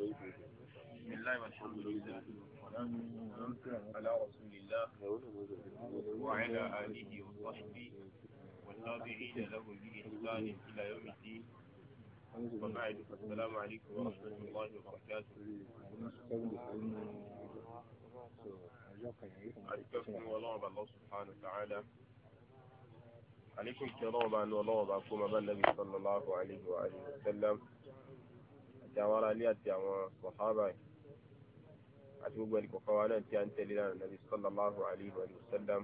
بسم الله والحمد لله على رسول الله وعلى آله وصحبه والتابعين له بإحسان إلى يوم الدين وبعد السلام عليكم ورحمة الله وبركاته أرجوكم ولعب الله سبحانه وتعالى عليكم كرابا ولعب أقوم بالنبي صلى الله عليه وآله وسلم àti àwọn ará ilé àti àwọn sọ̀hábà àti gbogbo ẹnì kọ̀ọ̀kan wa náà tí a ń tẹ̀lé lánàá nàbí sallallahu alayhi wa sallam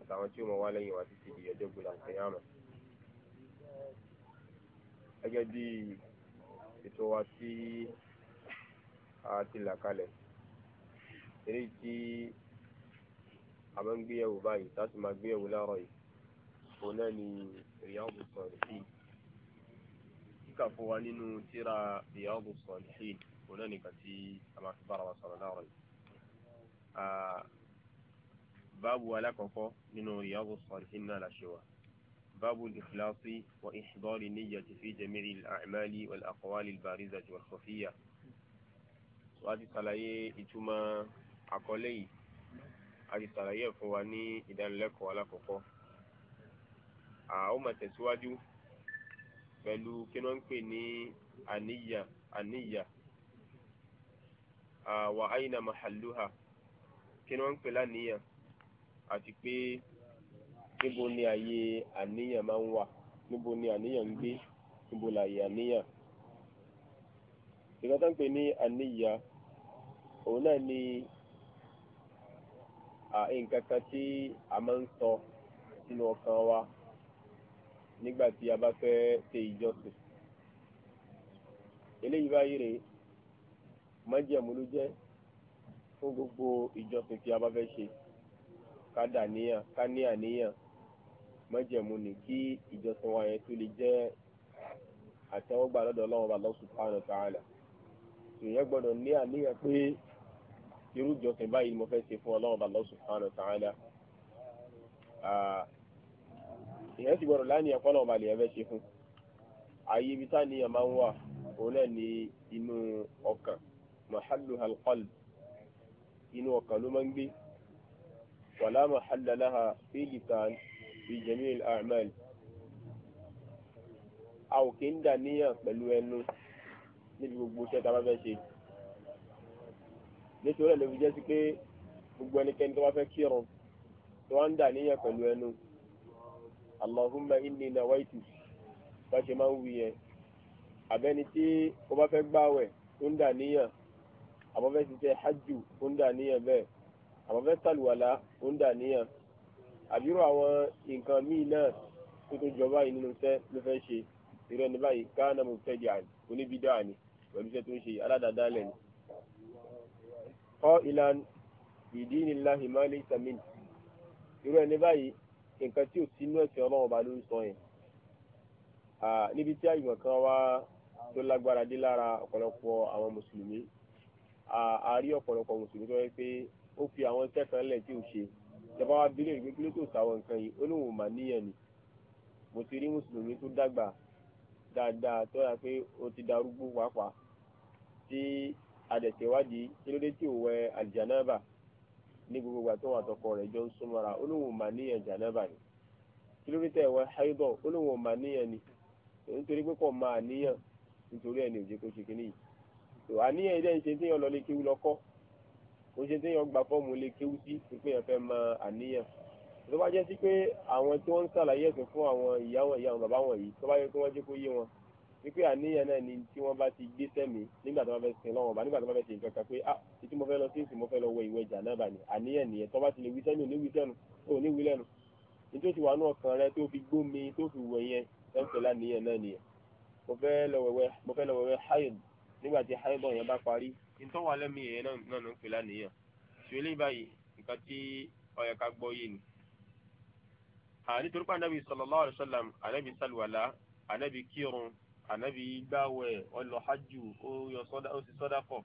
àtàwọn tí ó mọ̀ wá lẹ́yìn wa títí di ọjọ́ gbọdọ̀ àkẹyàmọ̀. gẹ́gẹ́ bí ètò wa tí a ti là kalẹ̀ eré tí a máa ń gbéyàwó báyìí tá a sì máa gbéyàwó láàárọ̀ yìí òun náà ni Riyadus Salihin kà fún wa nínú tíra Riyadu Salihin kò náà nìkan tí a máa fi bára wa sọ̀rọ̀ láàárọ̀ yìí. báàbù alákọ̀ọ́kọ́ nínú Riyadu Salihin náà la ṣe wa باب الإخلاص وإحضار النية في جميع الأعمال والأقوال البارزة والخفية وهذه صلاية إتما أقولي هذه صلاية فواني إذا لك ولا كفو أعوما تسواجو pẹ̀lú kí wọ́n ń pè ní àníyà àníyà àwà àyìnà màhàlúhà kí wọ́n ń pè láníyà àti pé níbo ni àyè àníyàn máa ń wà níbo ni àníyàn ń gbé níbo làyè àníyàn. ìgbà tó ń pè ní àníyà òun náà ni nǹkan kan tí a máa ń sọ sínú ọkàn wa nígbà tí a bá fẹ́ ṣe ìjọsìn eléyìí báyìí rèé májẹ̀mú ló jẹ́ fún gbogbo ìjọsìn tí a bá fẹ́ ṣe ká dà níyàn ká ní àníyàn májẹ̀mú ni kí ìjọsìn wa yẹn tó lè jẹ́ àtẹ́wọ́gbà lọ́dọ̀ Ọlọ́run Allah subhanahu wa ta'ala èèyàn gbọ́dọ̀ ní àníyàn pé irú ìjọsìn báyìí mo fẹ́ ṣe fún Ọlọ́run Allah subhanahu wa ta'ala èèyàn sì gbọ́dọ̀ láníyàn kọ́nà ọba lèèyàn fẹ́ ṣe fún ààyè ibi táníyàn máa ń wà òun náà ní inú ọkàn mahallu alqalb inú ọkàn ló máa ń gbé wàlá mahalla laha fi lisan fi jami'il a'mal a ò kí ń dà níyàn pẹ̀lú ẹnu níbi gbogbo iṣẹ́ tá a bá fẹ́ ṣe nítorí ẹ̀ ló fi jẹ́ sí pé gbogbo ẹnikẹ́ni tó bá fẹ́ kírun tó wá ń dà níyàn pẹ̀lú ẹnu Allahumma inni nawaitu bá ṣe máa ń wí yẹn àbẹ́ni tí ó bá fẹ́ gbàwẹ̀ ó ń dà níyàn àbọ̀ fẹ́ ṣiṣẹ́ hajj ó ń dà níyàn bẹ́ẹ̀ àbọ̀ fẹ́ sàlùwàlá ó ń dà níyàn àbírò àwọn nǹkan míì náà tó tó jọba yìí nínú iṣẹ́ ló fẹ́ ṣe ìrọ̀ ní báyìí káànà mo fẹ́ jà oníbídà ni pẹ̀lú iṣẹ́ tó ń ṣe aládàádálẹ̀ ni. kọ́ ìlànà ìdí níláhìmá lè sàmìn ìrọ̀ ní báyìí nǹkan tí ò sí inú ẹ̀sìn ọlọ́run ọba ló ń sọ yẹn níbi tí àyùmọ̀ kan wá tó lágbára dé lára ọ̀pọ̀lọpọ̀ àwọn mùsùlùmí a rí ọ̀pọ̀lọpọ̀ mùsùlùmí tó yẹ pé ó fi àwọn iṣẹ́ kan lẹ̀ tí ò ṣe ìjọba wa bílẹ̀ ìgbé kí ló tó sáwọn nǹkan yìí ó lóun ò mà níyàn ni mo ti rí mùsùlùmí tó dàgbà dáadáa tó yà pé ó ti darúgbó pàápàá tí adẹ̀tẹ̀wádìí kí ló dé tí ò wẹ àlìjánábà ní gbogbo ìgbà tó wà tọkọ jọ ń súnmọ́ra ó lóun mà níyàn jànábà ni kìlómítà ìwà haidọ ó lóun mà níyàn ni nítorí pé kò máa níyàn nítorí ẹni òjì kó ṣe kíní yìí tó àníyàn ilé ń ṣe tí yàn lọ lé kéwú lọkọ kó ṣe tí yàn gba fọ́ọ̀mù lé kéwú sí pé yàn fẹ́ mọ àníyàn tó bá jẹ́ sí pé àwọn tí wọ́n ń ṣàlàyé ẹ̀sìn fún àwọn ìyá wọn ìyá wọn bàbá wọn yìí tó bá yẹ kí wọ́n jẹ́ kó yé wọn wípé àníyàn náà ni tí wọ́n bá ti gbé sẹ́mi nígbà tó bá fẹ́ sin lọ́wọ́ bá nígbà tó bá fẹ́ ṣe nǹkan pé ah títí mo fẹ́ lọ sí ìsìn mo fẹ́ lọ wẹ ìwẹ̀ jànábà ni àníyàn nìyẹn tó bá ti lè wí sẹ́mi ò ní wí sẹ́nu ò ní wí lẹ́nu nítorí ti wà ní ọkàn rẹ tó fi gbómi tó fi wẹ̀ yẹn tẹ́ǹpẹ́ láníyàn náà nìyẹn mo fẹ́ lọ wẹ̀wẹ̀ mo fẹ́ nígbà tí hayd yẹn bá parí ìtọ́wà lẹ́mí yẹn náà ló ń ni. nítorí pé anábì sallallahu alaihi wasallam anábì sálùwàlá anábì kírun ànábì gbàwẹ̀ ọlọ hajj ó yọ sọdá ó sì sọdá kọ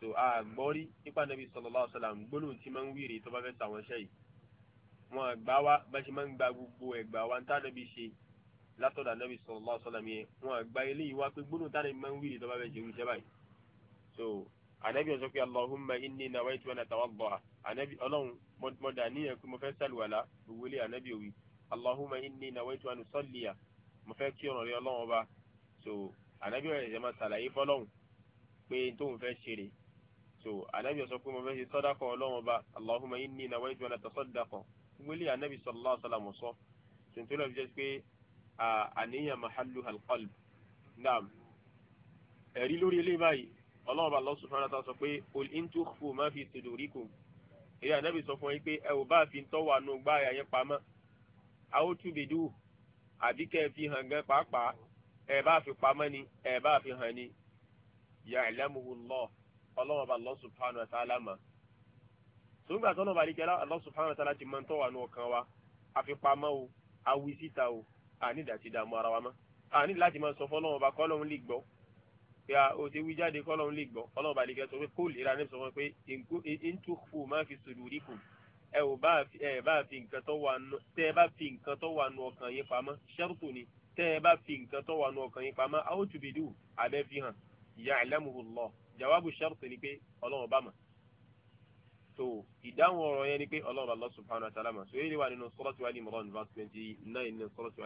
so àgbọ́rí nípa ànábì sallallahu alaihi wasallam gbólóhùn tí máa ń wíìrì tó bá fẹ́ sàwọn iṣẹ́ yìí wọn gbà wá bá ṣe máa ń gba gbogbo ẹ̀gbà wa ń tànábì ṣe látọ̀dọ̀ ànábì sallallahu alaihi wasallam yẹn wọn gba eléyìí wá pé gbólóhùn tànábì máa ń wíìrì tó bá fẹ́ ṣe irúṣẹ́ báyìí so ànábì sọ pé allahumma inni nawaitu an atawadda ànábì ọlọ́run mo dà níyẹn pé mo fẹ́ sàlùwàlà gbogbo ilé ànábì òwì allahumma inni nawaitu an usalliya mo fẹ́ so ànábì ọ̀rẹ́ ìjẹ́ máa ṣàlàyé fọlọ́hún pé tóun fẹ́ ṣeré so ànábì sọ pé mo fẹ́ ṣe sọ́dákọ̀ ọlọ́run ọba allahumma inni nawaitu an atasaddaqa gbogbo ilé ànábì sallallahu alaihi wasallam sọ tuntun lọ́ọ́ fi jẹ́ pé àníyàn mahalluha alqalb naam ẹ̀rí lórí ilé báyìí ọlọ́run ọba allah subhanahu wa ta'ala sọ pé qul in tukhfu ma fi sudurikum èyí ànábì sọ fún yín pé ẹ ò bá fi ń tọ́wọ́ àánú gbáàyà yẹn pamọ́ bedu. àbíkẹ́ fi hàn gan pàápàá ẹ bá fi pamọ́ ni ẹ bá fi hàn ni ya'lamuhu Allah ọlọ́wọ́n bá Allah subhanahu wa ta'ala mọ̀ sóńgbà tó náà bá di kẹlá Allah subhanahu wa ta'ala ti mọ̀ tó wà ní ọkàn wa àfipamọ́ o awi síta o ànídàtí dààmú ara wa mọ́ àní láti máa sọ fọlọ́wọ́n bá kọ́lọ́hún lè gbọ́ pé o ti wí jáde kọ́lọ́hún lè gbọ́ ọlọ́wọ́n bá di kẹlá sọ pé kó lè ra ní sọ fún mi pé in tukhfu ma fi sudurikum ẹ ò bá ẹ bá fi nǹkan tó wà nù tẹ ẹ bá fi nǹkan tó wà nù ọkàn yín pamọ́ ṣẹ́rùtù ni tẹ ẹ bá fi nǹkan tó wà nù ọkàn yín pamọ́ àwọn tùbí dùn abẹ fi hàn ya'lamuhu Allah jawabu ṣẹ́rùtù ni pé ọlọ́run bá mọ̀ so ìdáhùn ọ̀rọ̀ yẹn ni pé ọlọ́run Allah subhanahu wa ta'ala mọ̀ so èyí wà nínú suratu Ali Imran verse twenty nine nínú suratu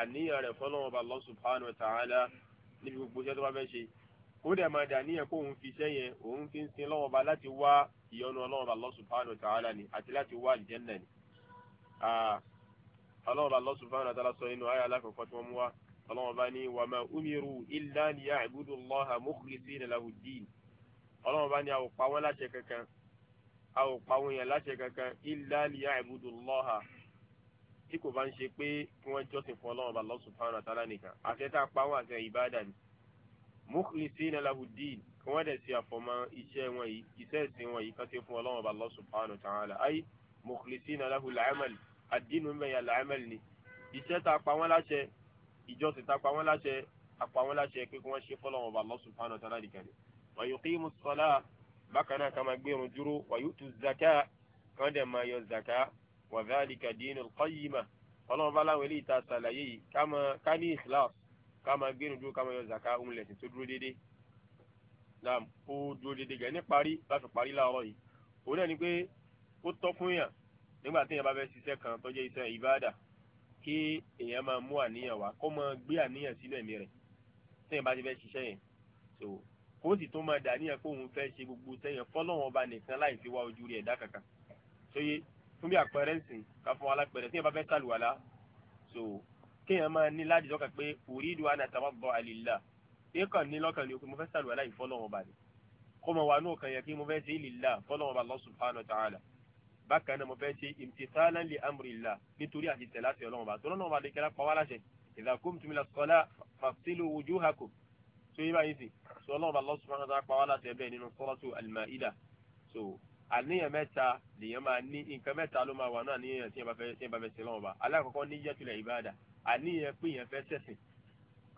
àníyàn rẹ̀ fọlọ́wọ́n bá Allah subhanahu wa ta'ala níbi gbogbo iṣẹ́ tó bá fẹ́ ṣe kó dẹ̀ máa dàníyàn kó òun fi iṣẹ́ yẹn òun fi ń sin lọ́wọ́n bá láti wá ìyọ́nú ọlọ́wọ́n bá Allah subhanahu wa ta'ala ni àti láti wá àlìjẹ́nà ni. ọlọ́wọ́n bá Allah subhanahu wa ta'ala sọ inú ayé alákọ̀ọ́kọ́ tí wọ́n mú wá ọlọ́wọ́n bá ní wa ma umiru illa liya'budu Allaha mukhlisina lahu ddin ọlọ́wọ́n bá ní a ò pa tí kò bá ń ṣe pé kí wọ́n jọ́sìn fún ọlọ́run Allah subhanahu wa ta'ala nìkan àṣẹ tá a pa wọ́n àṣẹ ìbádà ni mukhlisina lahu ddin kí wọ́n dẹ̀ ṣe àfọmọ́ iṣẹ́ wọn yìí iṣẹ́ ìsìn wọn yìí kọ́sẹ́ fún ọlọ́run Allah subhanahu wa ta'ala ay mukhlisina lahu al-amal ad-dinu mẹ́yà ni iṣẹ́ tá a láṣẹ ìjọsìn tá a láṣẹ a láṣẹ pé kí wọ́n ṣe fọlọ́run Allah subhanahu wa ta'ala wàdálìkà dínú kọ́yìmà ọlọ́run bá láwọn eléyìí ta ṣàlàyé yìí ká ní ìkìláàsì ká máa gbénu dúró ká máa yọ zaka ohun lẹ̀sìn tó dúró déédéé naam ó dúró déédéé gẹ̀ ní parí láti parí láàárọ̀ yìí òun náà ni pé ó tọ́ fún yàn nígbà téèyàn bá fẹ́ ṣiṣẹ́ kan tó jẹ́ iṣẹ́ ìbáàdà kí èèyàn máa mú àníyàn wá kó máa gbé àníyàn sínú ẹ̀mí rẹ̀ téèyàn bá ti fẹ́ ṣiṣẹ́ yẹn so kó sì tó máa dàníyàn kó òun fẹ́ ṣe gbogbo téèyàn fọ́lọ́wọ́n ọba nìkan láì fi wá ojú rẹ̀ dá kankan sóye fún bí àpẹẹrẹ nsìn ká fún wa lápẹẹrẹ tí yẹn bá fẹ́ sàlùwàlá so kéèyàn máa ní láti lọ́kàn pé uridu an atawadda'a lillah èyí kàn ní lọ́kàn ni o pé mo fẹ́ sàlùwàlá yìí fọ́lọ́wọ́n ba ni kó mo wà náà kàn yẹ kí mo fẹ́ ṣe lillah fọ́lọ́wọ́n ba Allah subhanahu wa ta'ala bákan náà mo fẹ́ ṣe imtithalan li amrillah nítorí àti tẹ̀lé àti ọlọ́wọ́n ba tọ́lọ́ náà wà àníyàn mẹ́ta lèyàn máa ní nǹkan mẹ́ta ló máa wà náà níyàn tí yẹn bá fẹ́ tí yẹn bá fẹ́ ṣe lọ́wọ́ bá alákọ̀ọ́kọ́ níyàtúlẹ̀ ìbáàdà àníyàn pé yẹn fẹ́ ṣẹ̀sìn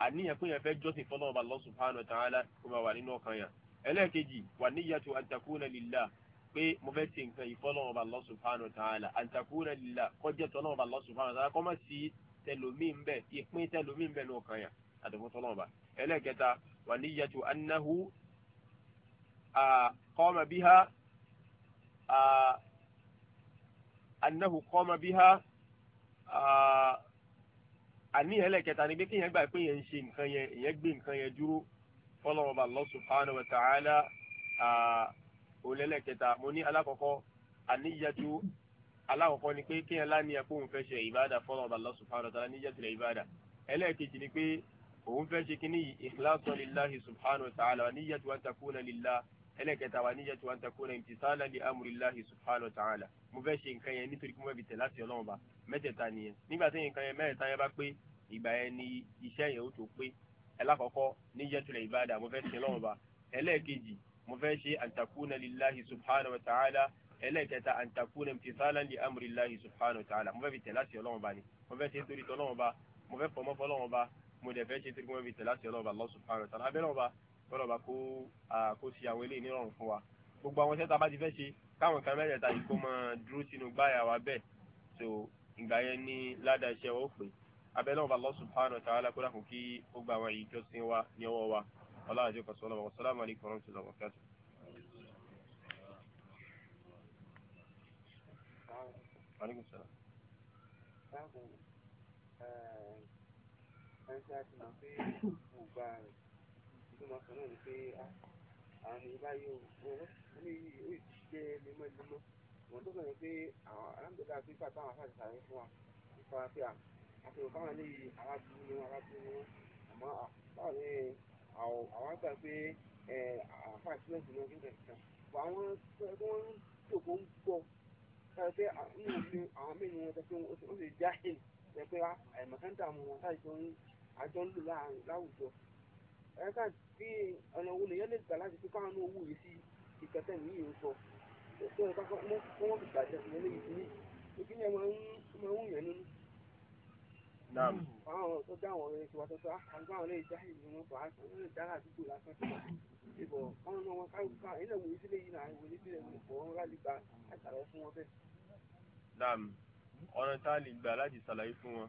àníyàn pé yẹn fẹ́ jọ́sìn fọlọ́wọ́ bá Allah subhanahu wa ta'ala kó máa wà nínú ọkàn yẹn ẹlẹ́ẹ̀kejì wà níyàtú an takuna lillah pé mo fẹ́ ṣe nǹkan yìí fọlọ́wọ́ bá Allah subhanahu wa ta'ala an آه أنه قام بها àníyàn ẹlẹ́kẹta ni pé kéèyàn gbà pé yẹn ń ṣe nǹkan yẹn èèyàn gbé nǹkan yẹn dúró fọlọ́wọ́ba Allah subhanahu wa ta'ala olẹ́lẹ́kẹta mo ní alákọ̀ọ́kọ́ àníyàjú alákọ̀ọ́kọ́ ni pé kéèyàn lánìyàn pé òun fẹ́ ṣe ìbáàdà fọlọ́wọ́ba Allah subhanahu wa ta'ala níyàjú rẹ̀ ìbáàdà ẹlẹ́kejì ni pé òun fẹ́ ṣe kíní ikhlasan lillahi subhanahu wa ta'ala níyàjú wa takuna lillah ẹlẹ́kẹta wa níjà tí wọ́n ń takò náà imtisalan li amrillahi subhanahu wa ta'ala mo fẹ́ ṣe nǹkan yẹn nítorí kí mo fi tẹ̀ láti ọlọ́run ba mẹ́tẹ̀ẹ̀ta nìyẹn nígbà tí nǹkan yẹn mẹ́tẹ̀ẹ̀ta yẹn bá pé ìgbà yẹn ni iṣẹ́ yẹn ó tó pé ẹlákọ̀ọ́kọ́ níjà tí ìbáda mo fẹ́ ṣe ọlọ́run ba ẹlẹ́ẹ̀kejì mo fẹ́ ṣe an subhanahu wa ta'ala ẹlẹ́ẹ̀kẹta kọlọba kó kó ṣe àwọn eléyìí nírọ̀rùn fún wa gbogbo àwọn iṣẹ́ tá a bá ti fẹ́ ṣe káwọn kan mẹ́rẹ̀ẹ̀ta yìí kó máa dúró sínú gbáyà wa bẹ́ẹ̀ so ìgbà yẹn ní ládàá iṣẹ́ wa ó pè abẹ́lẹ́ ọba Allah subhanahu wa ta'ala kó dàkún kí ó gba àwọn èyí jọ́sìn wa ní ọwọ́ wa ọlọ́run àti ọkọ̀ sọ́lọ́mọ assalamu alaikum warahmatullahi wabarakatuh. Alaikum salaam. Báwo ni ẹ ṣe àtìmọ́ pé mo gbà rẹ̀? tún máa náà ni pé ah, àwọn ènìyàn báyìí ní ó ti wọ́n tó sọ̀rọ̀ pé àwọn alámọ̀dá tó fà táwọn afáàtì sàrẹ́ fún wa nípa pé àtẹ̀wò káwọn eléyìí aláàbí ni wọn aláàbí wọn àmọ́ báwo ni àwọn àgbà pé àfáàtì náà ti lọ sí ìtẹ̀síkan bọ̀ àwọn tó wọ́n ń tòkó ń gbọ́ sọ̀rọ̀ pé nínú òfin àwọn mẹ́rin wọn tẹ́tí ó sì jáhìn pé ah, àìmọ̀kántà wọn táyì tó ń àjọ ń lò láwùjọ ẹ̀ka bí ọ̀nà owó lè yọ lè gbà láti fi káwọn ní owó yìí sí ìkẹtẹ́ mi yìí ń sọ tó ẹ̀ka kọ́ wọ́n fi gbàjẹ́ ìyẹn lè yìí ní ìdí yẹn máa ń wù yẹn nínú. àwọn tó dá àwọn ọ̀rẹ́ tiwa tó sọ àgbà àwọn lè ìlú wọn fà wọn lè dára àdúgbò lásán ìbọ̀ wọn náà wọn ká ilẹ̀ wòye sílé yìí náà ìwòye sílé wọn ọ̀nà tá a lè gbà láti ṣàlàyé fún wọn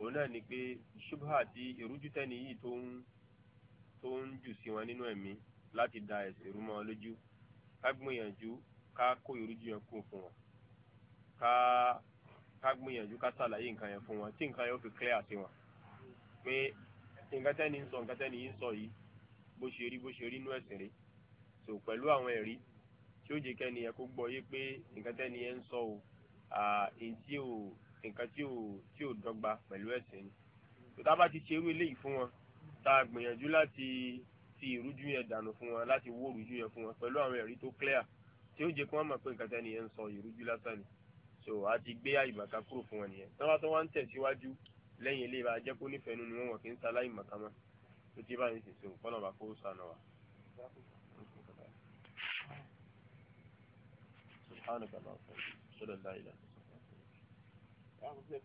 òun náà ni pé ṣubha àti ìrújú tẹ́ni yìí tó ń tó ń jù sí wọn nínú ẹ̀mí láti da ẹ̀sìn rú mọ́ wọn lójú ká gbìyànjú ká kó ìrújú yẹn kú fún wọn ká ká gbìyànjú ká ṣàlàyé nǹkan yẹn fún wọn tí nǹkan yẹn ó fi clear sí wọn pé nǹkan tẹ́ni ń sọ nǹkan tẹ́ni yìí ń sọ yìí bó ṣe rí bó ṣe rí inú ẹ̀sìn rí so pẹ̀lú àwọn ẹ̀rí tí ó jẹ́ kẹ́ni yẹn kó gbọ́ yé pé nǹkan tẹ́ni yẹn ń sọ o nǹkan tí ò dọ́gba pẹ̀lú ẹ̀sìn ni tó tá bá ti ṣerú eléyìí fún wọn tá a gbìyànjú láti ti ìrújú yẹn dànù fún wọn láti wó ìrújú yẹn fún wọn pẹ̀lú àwọn ẹ̀rí tó clear tí ó jẹ́ kí wọ́n mọ̀ pé nǹkan tẹ́ni yẹn ń sọ ìrújú lásán ni so a ti gbé àyùmọ̀ká kúrò fún wọn nìyẹn tọ́wọ́ tó wá ń tẹ̀síwájú lẹ́yìn ilé ìbá jẹ́ kó nífẹ̀ẹ́ nínú wọn kì í sa láyùmọ̀ká mọ́ tó ti báyìí sì so kọ́nà bá kó sànà wa.